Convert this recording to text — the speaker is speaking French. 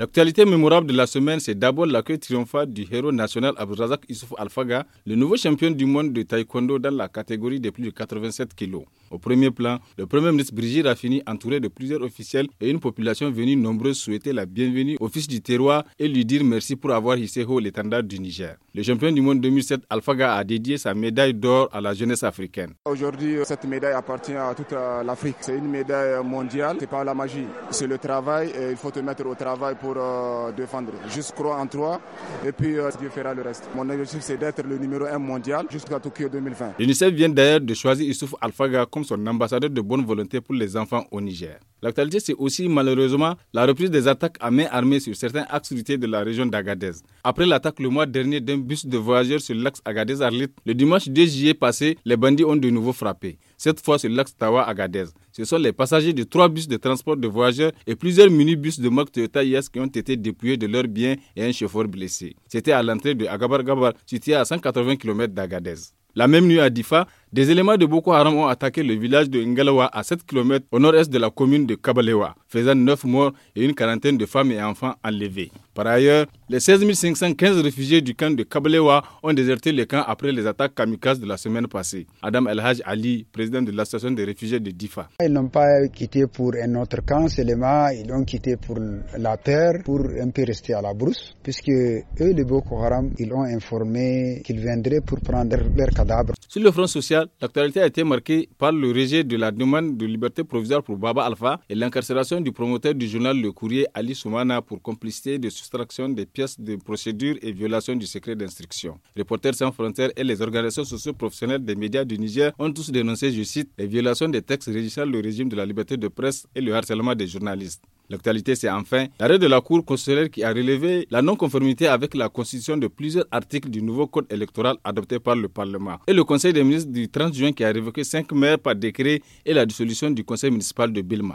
L'actualité mémorable de la semaine, c'est d'abord l'accueil triomphal du héros national Abourazak Issouf Alfaga, le nouveau champion du monde de taekwondo dans la catégorie de plus de 87 kilos. Au premier plan, le premier ministre Brigitte Raffini, entouré de plusieurs officiels et une population venue nombreuse, souhaiter la bienvenue au fils du terroir et lui dire merci pour avoir hissé haut l'étendard du Niger. Le champion du monde 2007, Alfaga, a dédié sa médaille d'or à la jeunesse africaine. Aujourd'hui, euh, cette médaille appartient à toute euh, l'Afrique. C'est une médaille mondiale, c'est pas la magie, c'est le travail et il faut te mettre au travail pour pour euh, défendre. Juste croire en toi et puis euh, Dieu fera le reste. Mon objectif, c'est d'être le numéro un mondial jusqu'à Tokyo 2020. L'UNICEF vient d'ailleurs de choisir Issouf Alfaga comme son ambassadeur de bonne volonté pour les enfants au Niger. L'actualité, c'est aussi malheureusement la reprise des attaques à main armée sur certains axes routiers de la région d'Agadez. Après l'attaque le mois dernier d'un bus de voyageurs sur l'axe Agadez-Arlit, le dimanche 2 juillet passé, les bandits ont de nouveau frappé, cette fois sur l'axe Tawa-Agadez. Ce sont les passagers de trois bus de transport de voyageurs et plusieurs minibus de marque Toyota IS qui ont été dépouillés de leurs biens et un chauffeur blessé. C'était à l'entrée de Agabar Gabar, situé à 180 km d'Agadez. La même nuit à Difa, des éléments de Boko Haram ont attaqué le village de Ngalawa à 7 km au nord-est de la commune de Kabalewa faisant 9 morts et une quarantaine de femmes et enfants enlevés. Par ailleurs, les 16 515 réfugiés du camp de Kabelewa ont déserté le camp après les attaques kamikazes de la semaine passée. Adam El Ali, président de l'association des réfugiés de Difa. Ils n'ont pas quitté pour un autre camp c'est seulement, ils ont quitté pour la terre, pour un peu rester à la brousse, puisque eux, les Boko Haram, ils ont informé qu'ils viendraient pour prendre leurs cadavres. Sur le front social, l'actualité a été marquée par le rejet de la demande de liberté provisoire pour Baba Alpha et l'incarcération du promoteur du journal Le Courrier Ali Soumana pour complicité de soustraction des pièces de procédure et violation du secret d'instruction. Les Reporters sans frontières et les organisations socio-professionnelles des médias du Niger ont tous dénoncé, je cite, les violations des textes régissant le régime de la liberté de presse et le harcèlement des journalistes. L'actualité, c'est enfin l'arrêt de la Cour constitutionnelle qui a relevé la non-conformité avec la constitution de plusieurs articles du nouveau code électoral adopté par le Parlement. Et le Conseil des ministres du 30 juin qui a révoqué cinq maires par décret et la dissolution du Conseil municipal de Bilma.